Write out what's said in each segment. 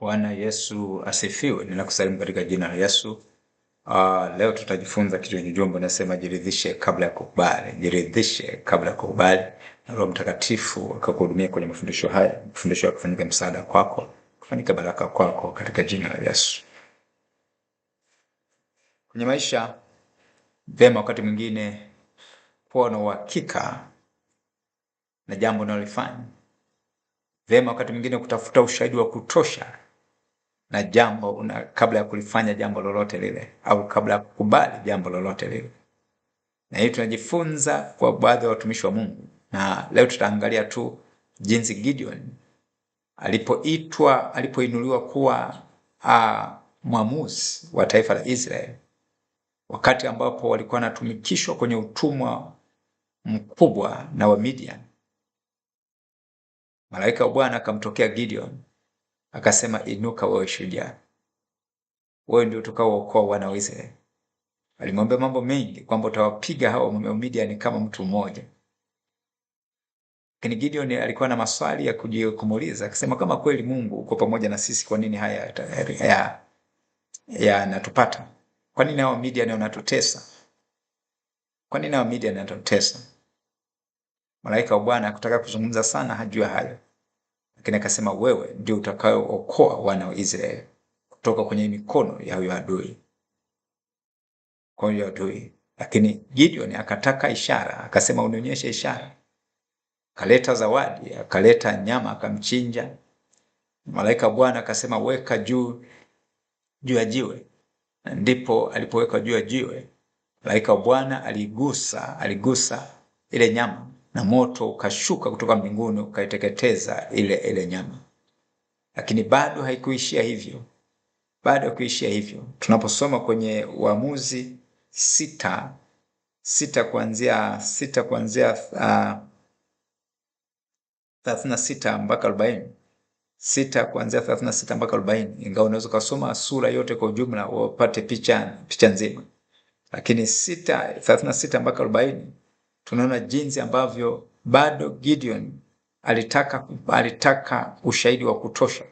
Bwana Yesu asifiwe. Ninakusalimu katika jina la Yesu. Uh, leo tutajifunza kitu chenye jumbo nasema jiridhishe kabla ya kukubali. Jiridhishe kabla ya kukubali. Na Roho Mtakatifu akakuhudumia kwenye mafundisho haya, mafundisho ya kufanyika msaada kwako, kufanyika baraka kwako katika jina la Yesu. Kwenye maisha vema, wakati mwingine kuwa na uhakika na jambo unalofanya vema, wakati mwingine kutafuta ushahidi wa kutosha na jambo una, kabla ya kulifanya jambo lolote lile au kabla ya kukubali jambo lolote lile. Na hii tunajifunza kwa baadhi ya watumishi wa Mungu, na leo tutaangalia tu jinsi Gideon alipoitwa alipoinuliwa kuwa a, mwamuzi wa taifa la Israeli wakati ambapo walikuwa wanatumikishwa kwenye utumwa mkubwa na Midian, Malaika wa Bwana akamtokea Gideon akasema, inuka wewe shujaa, wewe ndio utakaookoa wana wa Israeli. Alimwambia mambo mengi kwamba utawapiga hao Wamidiani kama mtu mmoja, lakini Gideon alikuwa na maswali ya kujikumuliza, akasema kama kweli Mungu uko pamoja na sisi, kwa nini haya ya yanatupata? Kwa nini hao Midiani wanatutesa? Kwa nini hao Midiani wanatutesa? Malaika wa Bwana hakutaka kuzungumza sana, hajua hayo lakini akasema wewe ndio utakayookoa wana wa Israeli kutoka kwenye mikono ya huyo adui, kwa huyo adui. Lakini Gideon akataka ishara, akasema unionyeshe ishara. Akaleta zawadi, akaleta nyama, akamchinja. Malaika Bwana akasema weka juu juu ya jiwe, ndipo alipoweka juu ya jiwe, malaika wa Bwana aligusa aligusa ile nyama na moto ukashuka kutoka mbinguni ukaiteketeza ile ile nyama. Lakini bado haikuishia hivyo, bado haikuishia hivyo. Tunaposoma kwenye uamuzi sita sita kuanzia sita kuanzia ah, thelathini na sita mpaka arobaini sita kuanzia thelathini na sita mpaka arobaini ingawa unaweza ukasoma sura yote kwa ujumla wapate picha, picha nzima, lakini sita thelathini na sita mpaka arobaini tunaona jinsi ambavyo bado Gideon alitaka, alitaka ushahidi wa kutosha.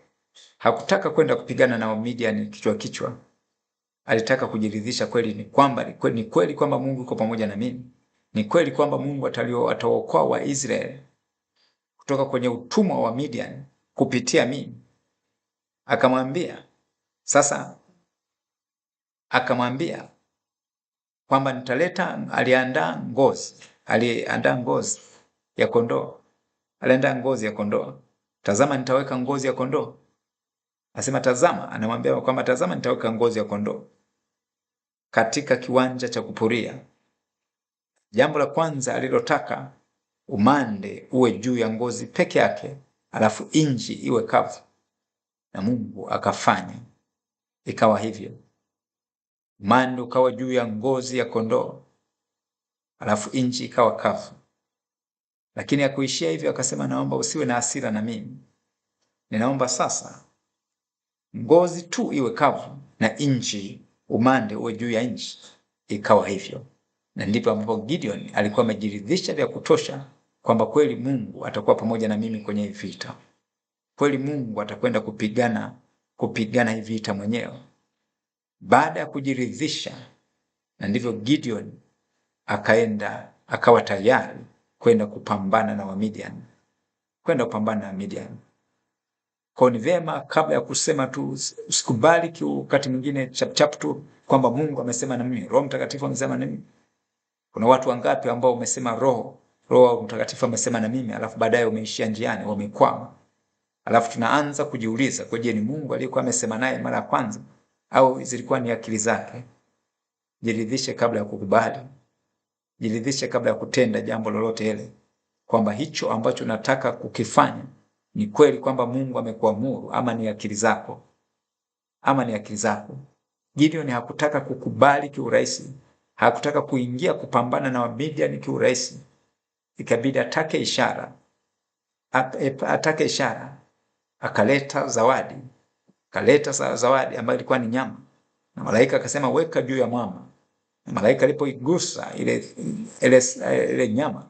Hakutaka kwenda kupigana na Wamidiani kichwa kichwa, alitaka kujiridhisha kweli ni kwamba ni kweli kwamba Mungu yuko pamoja na mimi, ni kweli kwamba Mungu atawaokoa Waisraeli kutoka kwenye utumwa wa Midian kupitia mimi. Akamwambia sasa, akamwambia kwamba nitaleta, aliandaa ngozi aliandaa ngozi ya kondoo, aliandaa ngozi ya kondoo, tazama nitaweka ngozi ya kondoo. Asema tazama, anamwambia kwamba tazama nitaweka ngozi ya kondoo katika kiwanja cha kupuria. Jambo la kwanza alilotaka umande uwe juu ya ngozi peke yake, alafu inji iwe kavu, na Mungu akafanya ikawa hivyo. Umande ukawa juu ya ngozi ya kondoo alafu nchi ikawa kafu. Lakini hakuishia hivyo, akasema, naomba usiwe na hasira na mimi, ninaomba sasa ngozi tu iwe kavu na nchi umande uwe juu ya nchi. Ikawa hivyo, na ndipo ambapo Gideon alikuwa amejiridhisha vya kutosha kwamba kweli Mungu atakuwa pamoja na mimi kwenye vita, kweli Mungu atakwenda kupigana kupigana hii vita mwenyewe. Baada ya kujiridhisha, na ndivyo Gideon akaenda akawa tayari kwenda kupambana na Wamidian, kwenda kupambana na Midian. Kwa ni vema kabla ya kusema tu, usikubali wakati mwingine chapchap tu kwamba Mungu amesema na mimi, Roho Mtakatifu amesema na mimi. Kuna watu wangapi ambao umesema roho Roho Mtakatifu amesema na mimi, alafu baadaye umeishia njiani, wamekwama. Alafu tunaanza kujiuliza, kwa, je, ni Mungu aliyekuwa amesema naye mara ya kwanza au zilikuwa ni akili zake? Jiridhishe kabla ya kukubali jiridhishe kabla ya kutenda jambo lolote ile kwamba hicho ambacho nataka kukifanya ni kweli kwamba Mungu amekuamuru ama ni akili zako ama ni akili zako. Gideon hakutaka kukubali kiurahisi, hakutaka kuingia kupambana na Wamidiani kiurahisi, ikabidi atake ishara, atake ishara. Akaleta zawadi, akaleta zawadi ambayo ilikuwa ni nyama, na malaika akasema, weka juu ya mwamba Malaika alipoigusa ile, ile, ile nyama,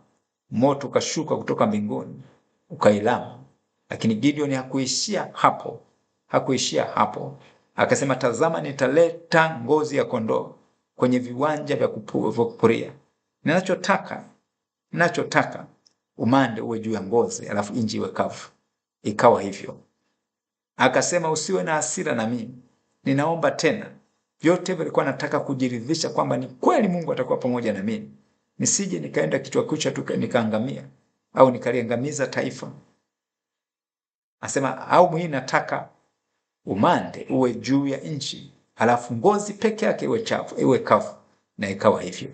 moto ukashuka kutoka mbinguni ukailama. Lakini Gideon hakuishia hapo, hakuishia hapo. Akasema, tazama, nitaleta ngozi ya kondoo kwenye viwanja vya kupuria. Ninachotaka, ninachotaka umande uwe juu ya ngozi, alafu inji iwe kavu. Ikawa hivyo. Akasema, usiwe na hasira na mimi, ninaomba tena Vyote vilikuwa nataka kujiridhisha kwamba ni kweli Mungu atakuwa pamoja na mimi, nisije nikaenda kichwa kucha tu nikaangamia au nikaliangamiza taifa. Asema au mimi nataka umande uwe juu ya nchi, halafu ngozi peke yake iwe chafu, iwe kavu. Na ikawa hivyo.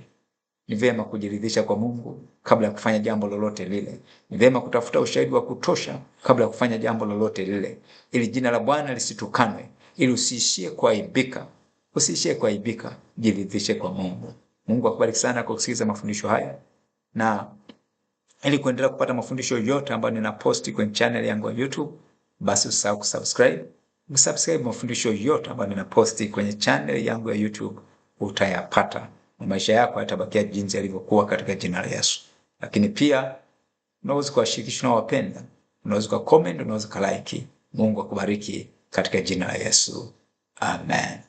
Ni vema kujiridhisha kwa Mungu kabla ya kufanya jambo lolote lile. Ni vema kutafuta ushahidi wa kutosha kabla ya kufanya jambo lolote lile, ili jina la Bwana lisitukanwe, ili usiishie kuaibika. Usiishie kuaibika, jiridhishe kwa Mungu. Mungu akubariki sana kwa kusikiliza mafundisho haya, na ili kuendelea kupata mafundisho yote ambayo ninaposti kwenye channel yangu ya YouTube, basi usisahau kusubscribe. Kusubscribe mafundisho yote ambayo ninaposti kwenye channel yangu ya YouTube utayapata, na maisha yako yatabakia jinsi yalivyokuwa katika jina la Yesu. Lakini pia unaweza kuwashirikisha na wapenda, unaweza kucomment, unaweza kulike. Mungu akubariki katika jina la Yesu, amen.